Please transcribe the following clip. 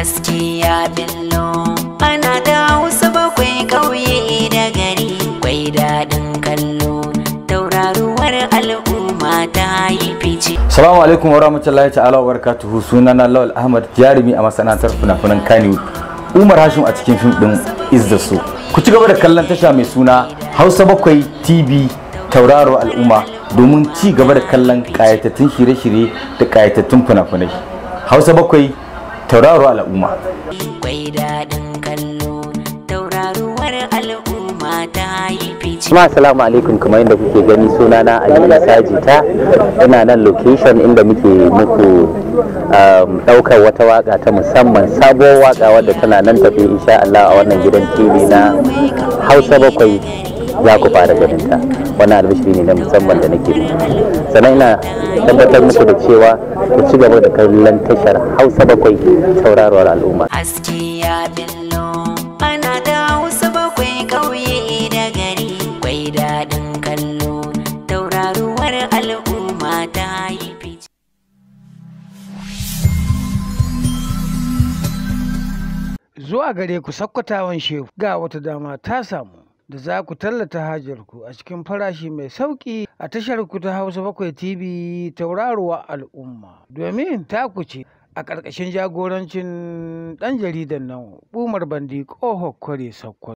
haske Bello ana da hausa bakwai kauye da gari kwai daɗin kallo tauraruwar al'umma ta yi fice. salamu alaikum wa rahmatullahi ta'ala wa barakatuhu sunana lawal ahmad jarumi a masana'antar funafunan finan umar hashim a cikin fim ɗin The so ku ci gaba da kallon tasha mai suna hausa bakwai tv tauraro al'umma domin ci gaba da kallon kayatattun shirye-shirye da kayatattun fina hausa bakwai tauraro al'umma kwai daɗin alaikum kamar inda kuke gani suna na Aliyu sajita ina nan location inda muke muku daukar um, wata waka ta musamman sabuwar waka wadda tana nan tafi insha Allah a wannan gidan TV na Hausa bakwai za ku fara ganin ta wani albishiri ne na musamman da nake yi. sannan ina tabbatar muku da cewa ku ci gaba da kallon tashar hausa bakwai sauraruwar al'umma haske ya billo ana bakwai ƙauye da gari kwai kallo tauraruwar al'umma ta zuwa gare ku sakkwatawan shehu ga wata dama ta samu da za ku tallata hajarku a cikin farashi mai sauƙi a tashar ku ta Hausa bakwai TV tauraruwa al'umma domin taku ce a ƙarƙashin jagorancin ɗan jaridan nan Umar Bandi Ƙoho Kware Sakkwato.